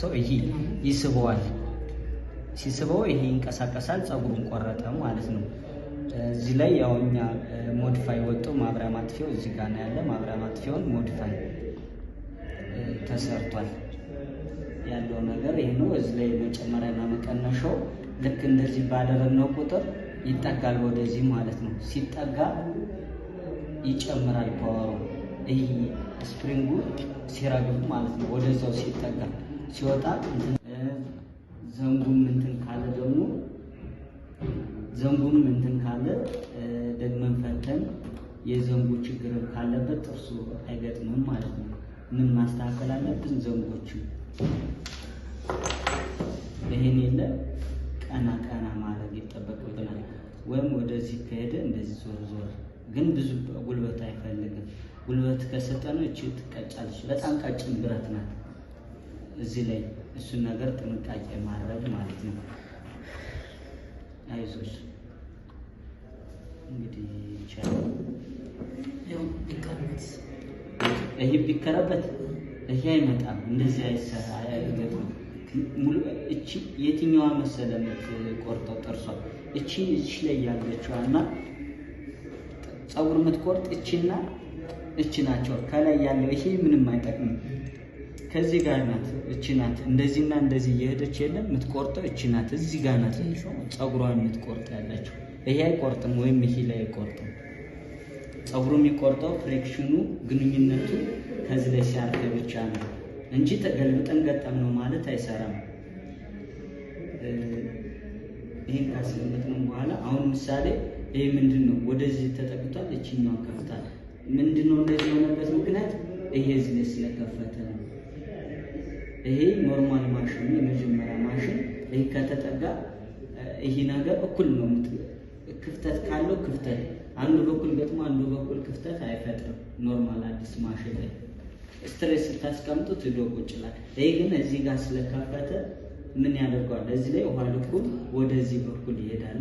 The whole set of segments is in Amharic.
ሰው ይሄ ይስበዋል። ሲስበው ይሄ ይንቀሳቀሳል፣ ፀጉሩን ቆረጠ ማለት ነው። እዚህ ላይ ያው እኛ ሞዲፋይ ወጥቶ ማብሪያ ማጥፊያው እዚህ ጋር ነው ያለ። ማብሪያ ማጥፊያውን ሞዲፋይ ተሰርቷል ያለው ነገር ይህ ነው። እዚህ ላይ መጨመሪያና መቀነሻው ልክ እንደዚህ ባደረግነው ቁጥር ይጠጋል ወደዚህ ማለት ነው። ሲጠጋ ይጨምራል ፓወሩ። ይህ ስፕሪንጉ ሲረግብ ማለት ነው ወደዛው ሲጠጋ ሲወጣ ዘንጉም እንትን ካለ ደግሞ ዘንጉንም እንትን ካለ ደግመን ፈተን የዘንጉ ችግር ካለበት ጥርሱ አይገጥምም ማለት ነው። ምን ማስተካከል አለብን? ዘንጎቹ ይህን የለ ቀና ቀና ማድረግ ይጠበቅብናል። ወይም ወደዚህ ከሄደ እንደዚህ ዞር ዞር፣ ግን ብዙ ጉልበት አይፈልግም። ጉልበት ከሰጠነው እች ትቀጫለች። በጣም ቀጭን ብረት ናት። እዚህ ላይ እሱን ነገር ጥንቃቄ ማድረግ ማለት ነው። አይዞሽ እንግዲህ ይቻላል። ይህ ቢከረበት ይሄ አይመጣም፣ እንደዚህ አይሰራ ሙሉ እቺ የትኛዋ መሰለ የምትቆርጠው ጥርሷ እቺ እች ላይ ያለችዋ እና ፀጉር የምትቆርጥ እቺና እች ናቸው። ከላይ ያለው ይሄ ምንም አይጠቅምም። ከዚህ ጋር ናት፣ እቺ ናት፣ እንደዚህና እንደዚህ እየሄደች የለም የምትቆርጠው እቺ ናት። እዚህ ጋር ናት ፀጉሯን የምትቆርጥ ያላቸው። ይሄ አይቆርጥም ወይም ይሄ ላይ አይቆርጥም። ፀጉሩ የሚቆርጠው ፍሬክሽኑ፣ ግንኙነቱ ከዚህ ላይ ሲያርፍ ብቻ ነው እንጂ ተገልብጠን ገጠም ነው ማለት አይሰራም። ይህን ነው በኋላ አሁን ምሳሌ ይህ ምንድን ነው? ወደዚህ ተጠቅቷል፣ እችኛው ከፍታል። ምንድን ነው እንደዚህ የሆነበት ምክንያት ይሄ እዚህ ላይ ስለከፈተ ነው። ይሄ ኖርማል ማሽኑ የመጀመሪያ ማሽን ይህ ከተጠጋ ይሄ ነገር እኩል ነው። ክፍተት ካለው ክፍተት አንዱ በኩል ገጥሞ አንዱ በኩል ክፍተት አይፈጥርም። ኖርማል አዲስ ማሽን ላይ ስትሬስ ስታስቀምጡት ሂዶ ቁጭ ይላል። ይሄ ግን እዚህ ጋር ስለከፈተ ምን ያደርገዋል? እዚህ ላይ ውሃ ልኩል ወደዚህ በኩል ይሄዳል።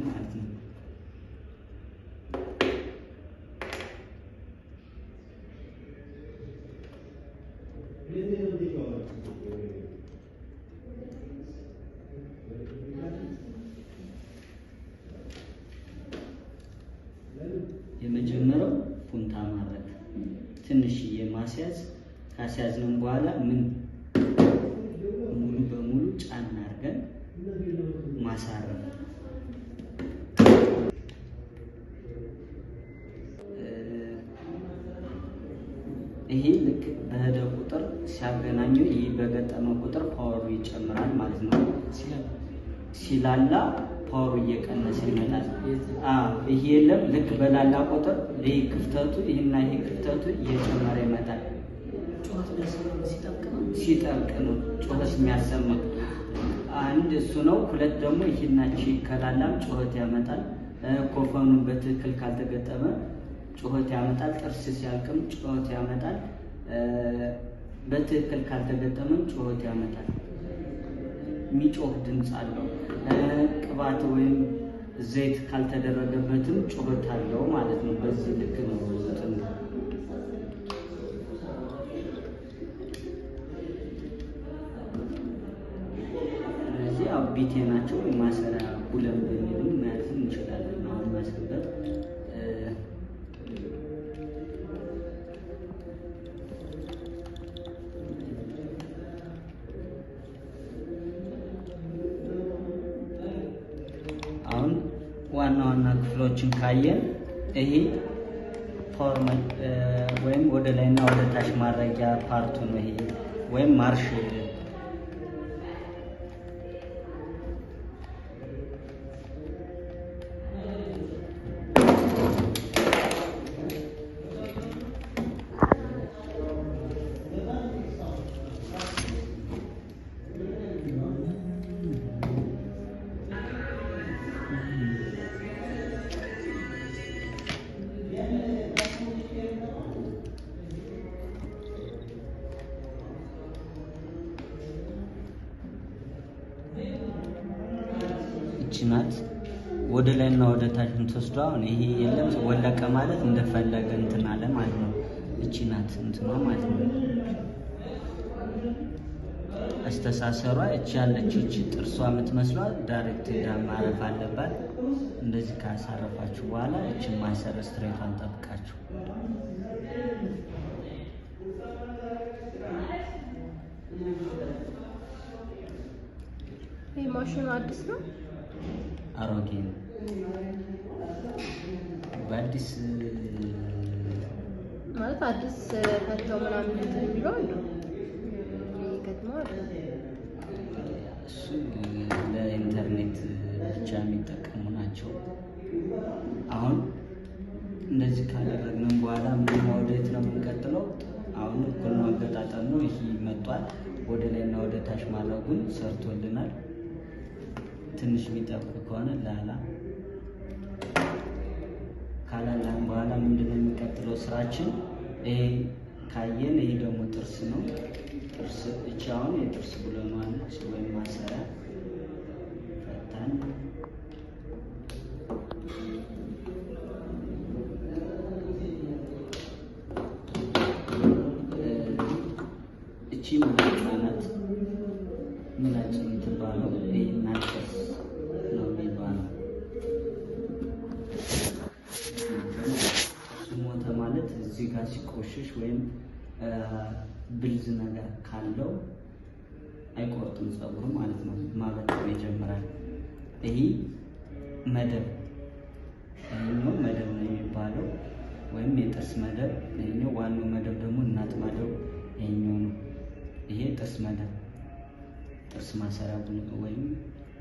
ካስያዝንም በኋላ ምን ሙሉ በሙሉ ጫና አድርገን ማሳረም ይሄ ልክ በሄደ ቁጥር ሲያገናኘው ይህ በገጠመ ቁጥር ፓወሩ ይጨምራል ማለት ነው። ሲላላ ፓወሩ እየቀነሰ ይመጣል። ይሄ የለም ልክ በላላ ቁጥር ይህ ክፍተቱ ይህና ይሄ ክፍተቱ እየጨመረ ይመጣል። ጩኸት ነው ሲጠልቅ ነው ጩኸት የሚያሰማው። አንድ እሱ ነው። ሁለት ደግሞ ይህናች ከላላም ጩኸት ያመጣል። ኮፈኑን በትክክል ካልተገጠመ ጩኸት ያመጣል። ጥርስ ሲያልቅም ጩኸት ያመጣል። በትክክል ካልተገጠመም ጩኸት ያመጣል። የሚጮህ ድምፅ አለው። ቅባት ወይም ዘይት ካልተደረገበትም ጩኸት አለው ማለት ነው። በዚህ ልክ ነው። ናቸው። ማሰራ ቡለን በሚልም መያዝ እንችላለን። አሁን ማሰንበት አሁን ዋና ዋና ክፍሎችን ካየን ይሄ ፎርመ ወይም ወደ ላይና ወደ ታች ማድረጊያ ፓርቱ ነው። ይሄ ወይም ማርሽ እቺ ናት ወደ ላይና ወደ ታች ምትወስዷ። አሁን ይሄ የለም ወለቀ ማለት እንደፈለገ እንትን አለ ማለት ነው። እቺ ናት እንትኗ ማለት ነው። አስተሳሰሯ እቺ ያለች እቺ ጥርሷ የምትመስሏ ዳይሬክት ሄዳ ማረፍ አለባት። እንደዚህ ካሳረፋችሁ በኋላ እቺ ማሰር ስትሬቷን ጠብቃችሁ ማሽኑ አዲስ ነው። አሮጌ ነው። በአዲስ ማለት አዲስ ከተው ምናምን የሚለው ነው ለኢንተርኔት ብቻ የሚጠቀሙ ናቸው። አሁን እንደዚህ ካደረግንም በኋላ ምን ወደት ነው የምንቀጥለው? አሁን እኩል ነው አገጣጠም ነው። ይህ መጧል ወደ ላይና ወደ ታች ማድረጉን ሰርቶልናል። ትንሽ የሚጠብቅ ከሆነ ላላ ካላላም በኋላ ምንድነው የሚቀጥለው ስራችን? ይሄ ካየን፣ ይሄ ደግሞ ጥርስ ነው። ጥርስ እቺ አሁን የጥርስ ብሎኗል ወይም ማሰሪያ ፈታን እቺ ምላጭ ናት። ምላጭ የምትባለው ይህናት ጥርስ ብልሽሽ ወይም ብልዝ ነገር ካለው አይቆርጥም ፀጉሩ ማለት ነው። ማበጠር ይጀምራል። ይህ መደብ ይህኛው መደብ ነው የሚባለው ወይም የጥርስ መደብ። ይህኛው ዋናው መደብ ደግሞ እናት መደብ ይህኛው ነው። ይሄ ጥርስ መደብ ጥርስ ማሰሪያ ወይም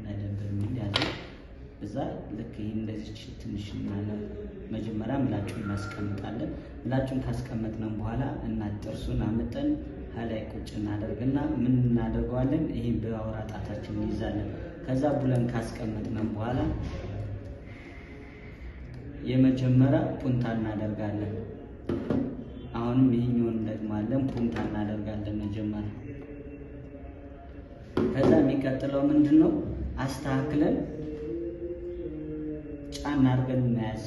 መደብ በሚል ያዘ እዛ ልክ ይህን እንደዚች ትንሽ መጀመሪያ ምላጩን እናስቀምጣለን። ምላጩን ካስቀመጥነው በኋላ እናት ጥርሱን አምጠን ከላይ ቁጭ እናደርግና ምን እናደርገዋለን? ይህን በአውራ ጣታችን እንይዛለን። ከዛ ቡለን ካስቀመጥነው በኋላ የመጀመሪያ ፑንታ እናደርጋለን። አሁንም ይህኛውን እንደግማለን፣ ፑንታ እናደርጋለን መጀመሪያ። ከዛ የሚቀጥለው ምንድን ነው አስተካክለን ጫና አድርገን እናያዝ።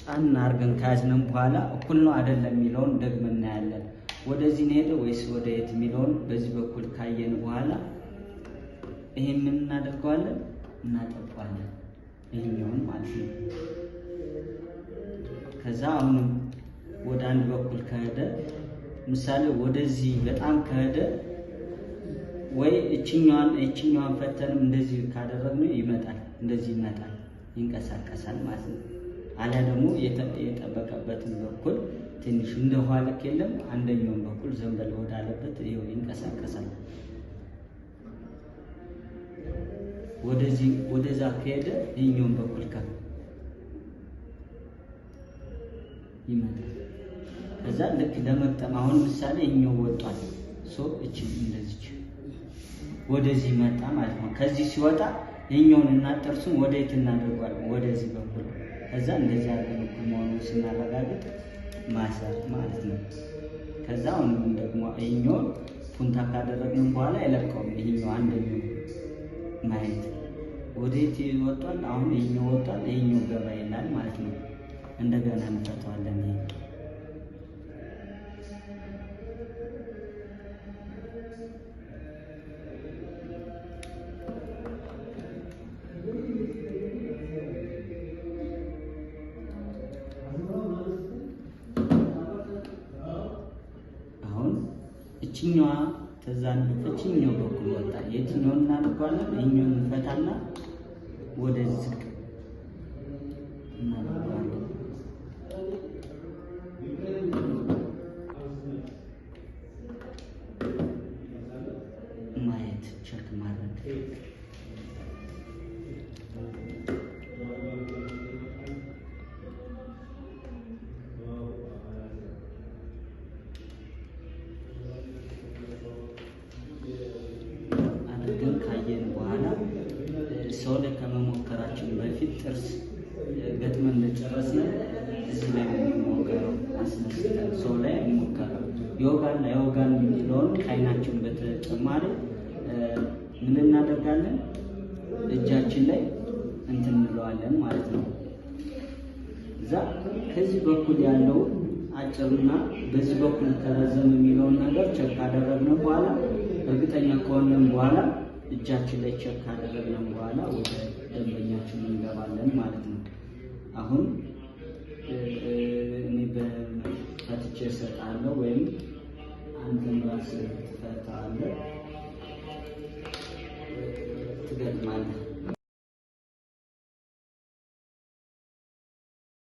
ጫና አድርገን ከያዝነን በኋላ እኩል ነው አይደለም የሚለውን ደግመ እናያለን። ወደዚህ ሄደ ወይስ ወደ የት የሚለውን በዚህ በኩል ካየን በኋላ ይሄን ምን እናደርገዋለን? እናጠቋለን። ይሄኛውን ማለት ነው። ከዛ አሁንም ወደ አንድ በኩል ከሄደ ምሳሌ ወደዚህ በጣም ከሄደ ወይ እችኛዋን እችኛዋን ፈተንም እንደዚህ ካደረግነው ይመጣል፣ እንደዚህ ይመጣል፣ ይንቀሳቀሳል ማለት ነው። አሊያ ደግሞ የጠበቀበትን በኩል ትንሽ እንደውሃ ልክ የለም አንደኛውን በኩል ዘንበል ወዳለበት ይኸው ይንቀሳቀሳል። ወደዚህ ወደዛ ከሄደ ይኛውን በኩል ከፍ ይመጣል። ከዛ ልክ ለመቅጠም አሁን ምሳሌ ይኛው ወጧል ሶ እችን እንደዚች ወደዚህ መጣ ማለት ነው። ከዚህ ሲወጣ የኛውን እና ጥርሱን ወደ የት እናደርጓለን? ወደዚህ በኩል ከዛ እንደዚህ አድርገን እኩል መሆኑን ስናረጋግጥ ማሰር ማለት ነው። ከዛ አሁንም ደግሞ ይህኛውን ፑንታ ካደረግን በኋላ አይለቀውም። ይህኛው አንደኛው ማየት ወዴት ወጧል? አሁን ይህኛው ወጧል፣ ይህኛው ገባ ይላል ማለት ነው። እንደገና እንፈተዋለን ይሄ እችኛዋ ተዛን እችኛው በኩል ወጣ። የትኛውን እናደርጓለን? እኛውን እንፈታና ወደ ዝቅ ማየት ቸክ ማድረግ ጨረስን። እዚህ ላይ የሚሞከረው ሰው ላይ የሚሞከረው የወጋና የወጋን የሚለውን ከአይናችን በተጨማሪ ምን እናደርጋለን? እጃችን ላይ እንትን እንለዋለን ማለት ነው። እዛ ከዚህ በኩል ያለውን አጭርና በዚህ በኩል ተረዘም የሚለውን ነገር ቸክ ካደረግነው በኋላ እርግጠኛ ከሆነም በኋላ እጃችን ላይ ቸክ ካደረግነው በኋላ ወደ ደንበኛችን እንገባለን ማለት ነው። አሁን እኔ በፈትቼ እሰጣለሁ ወይም አንተም ራስህ ትፈታዋለህ፣ ትገጥማለህ